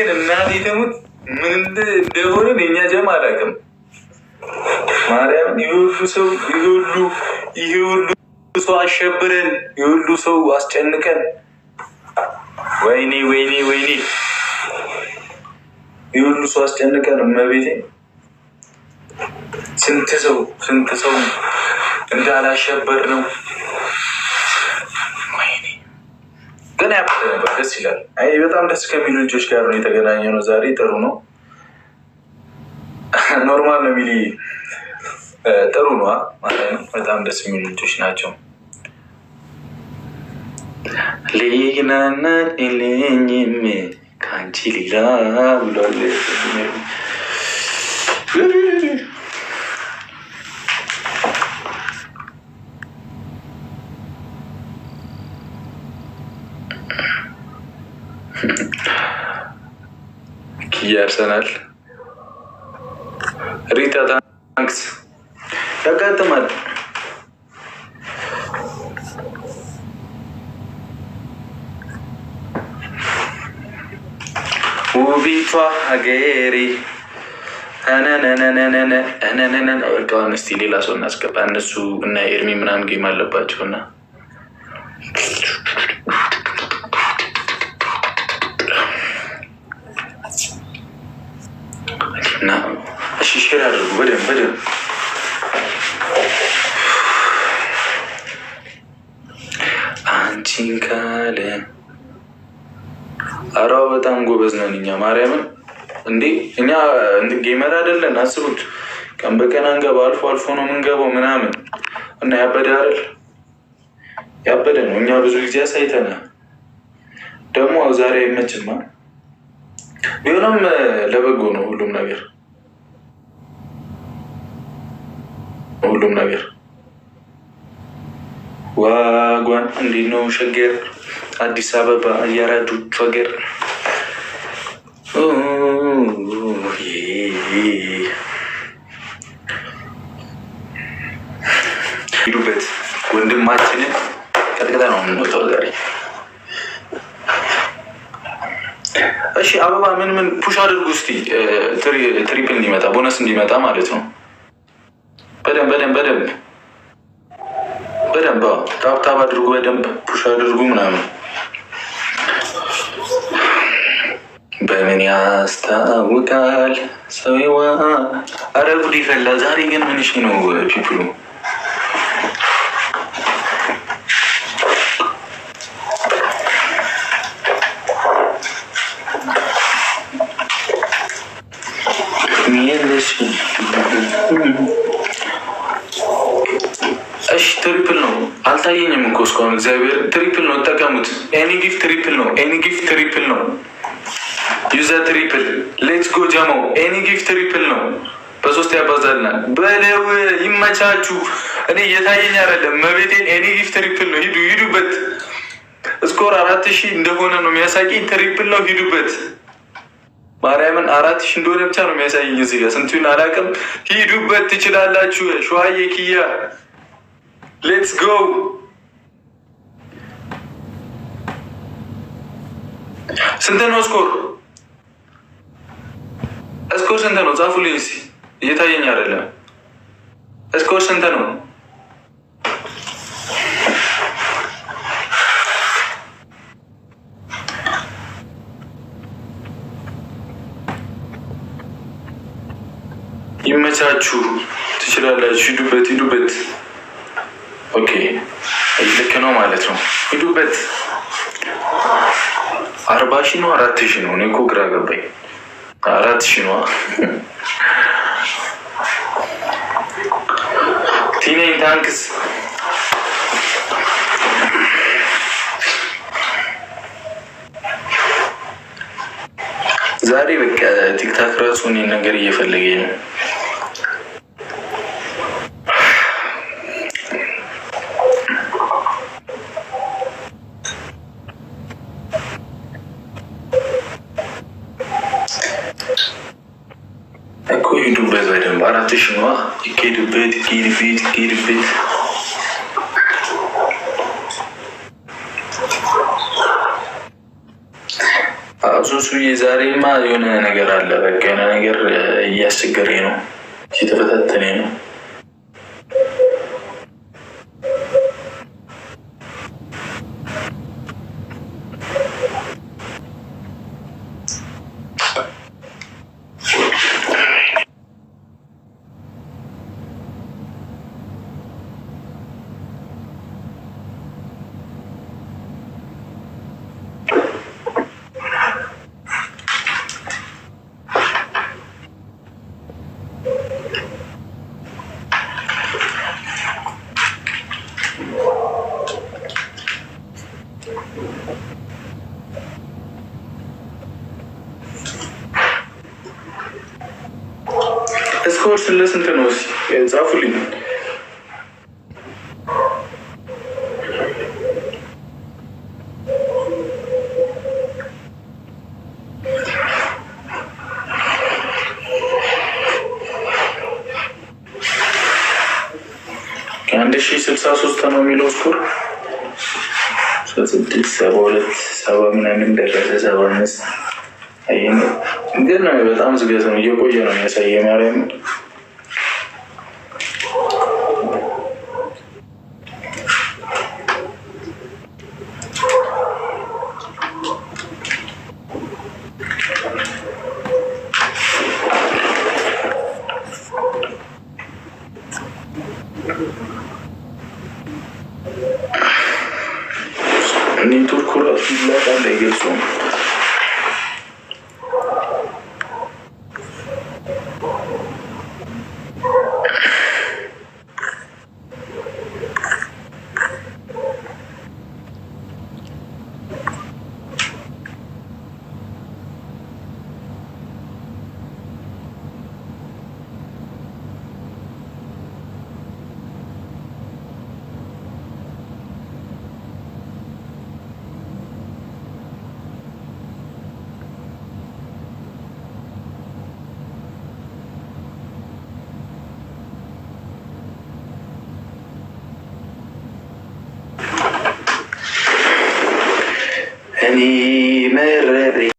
ግን እናቴ ትሙት ምን እንደሆነ የእኛ ጀም አላውቅም። ማርያም ይሄ ሰው ይሄ ሁሉ ሰው አሸብረን ይሄ ሰው አስጨንቀን፣ ወይኔ ወይኔ ወይኔ ይሄ ሰው አስጨንቀን፣ እመቤቴ ስንት ሰው ስንት ሰው እንዳላሸበር ነው ግን ያ ደስ ይላል። አይ በጣም ደስ ከሚሉ ልጆች ጋር ነው የተገናኘ ነው ዛሬ። ጥሩ ነው፣ ኖርማል ነው ሚሊ ጥሩ ነው ማለት ነው። በጣም ደስ የሚሉ ልጆች ናቸው። ሊግናናት የለኝም ከአንቺ ሌላ ብሏል። የአርሰናል ሪታ ታንክስ ያጋጥማል። ውቢቷ ሀገሬ እቃውን እስኪ ሌላ ሰው እናስገባ። እነሱ እና ኤርሚ ምናምን ጌም አለባቸው እና እና እሺ፣ ሼር አድርጉ በደንብ በደንብ አንቺን ካለ አረ በጣም ጎበዝ ነን እኛ ማርያምን እንዴ እኛ ጌመር አይደለን። አስቡት፣ ቀን በቀን አንገባ አልፎ አልፎ ነው የምንገባው ምናምን እና ያበደ አይደል ያበደ ነው። እኛ ብዙ ጊዜ አሳይተናል። ደግሞ ዛሬ አይመችማ ቢሆንም ለበጎ ነው ሁሉም ነገር ሁሉም ነገር ዋጓን እንዲ ነው ሸገር አዲስ አበባ እያራዱ ሀገር ሄዱበት ወንድማችንን ቀጥቅጠ ነው የምንወጣው ዛሬ እሺ አበባ ምን ምን ፑሽ አድርጉ እስኪ ትሪፕል እንዲመጣ ቦነስ እንዲመጣ ማለት ነው። በደንብ በደንብ በደንብ በደንብ ታብታብ አድርጉ፣ በደንብ ፑሽ አድርጉ ምናምን በምን ያስታውቃል ሰው። ኧረ ጉድ ይፈላ ዛሬ ግን ምንሽ ነው ፒፕሉ የለሽም። እሺ ትሪፕል ነው። አልታየኝም እኮ እስካሁን። እግዚአብሔር ትሪፕል ነው፣ ጠቀሙት ኤኒ ጊፍ ትሪፕል ነው። ኤኒ ጊፍ ትሪፕል ነው። ዩዘ ትሪፕል ሌትስ ጎ ጀመው። ኤኒ ጊፍ ትሪፕል ነው። በሶስት ያባዛልናል። በለው ይመቻችሁ። እኔ እየታየኝ አይደለም። መቤቴን ኤኒ ጊፍ ትሪፕል ነው። ሂዱ ሂዱበት። እስኮር አራት ሺህ እንደሆነ ነው የሚያሳየኝ። ትሪፕል ነው። ሂዱበት። ማርያምን አራት ሺ እንደሆነ ብቻ ነው የሚያሳየኝ። እዚህ ጋር ስንቱን አላውቅም። ሂዱበት ትችላላችሁ። ሸዋዬ ኪያ ሌትስ ጎ ስንት ነው እስኮር? እስኮር ስንት ነው? ጻፉልኝ እየታየኝ አይደለም። እስኮር ስንት ነው? ይመቻችሁ። ትችላላችሁ። ሂዱበት፣ ሂዱበት። ኦኬ፣ ልክ ነው ማለት ነው። ሂዱበት። አርባ ሺ ነው አራት ሺ ነው? እኔ እኮ ግራ ገባኝ። አራት ሺ ነው። ቲኔን ታንክስ ዛሬ በቃ ቲክታክ ራሱ እኔን ነገር እየፈለገኝ ነው። ሂዱበት በደንብ አራት ሺ ነዋ። ይኬድበት ይኬድበት ይኬድበት ሱሱዬ የዛሬማ የሆነ ነገር አለ። በቃ የሆነ ነገር እያስቸገረኝ ነው፣ እየተፈታተነኝ ነው። ሰዎች ስንት ነው? ጻፉልኝ። አንድ ሺ ስልሳ ሶስት ነው የሚለው ስኮር ስድስት ሰባ ሁለት ሰባ ምናምን ደረሰ ሰባ አምስት ግን በጣም ዝገት ነው። እየቆየ ነው የሚያሳየ ማርያም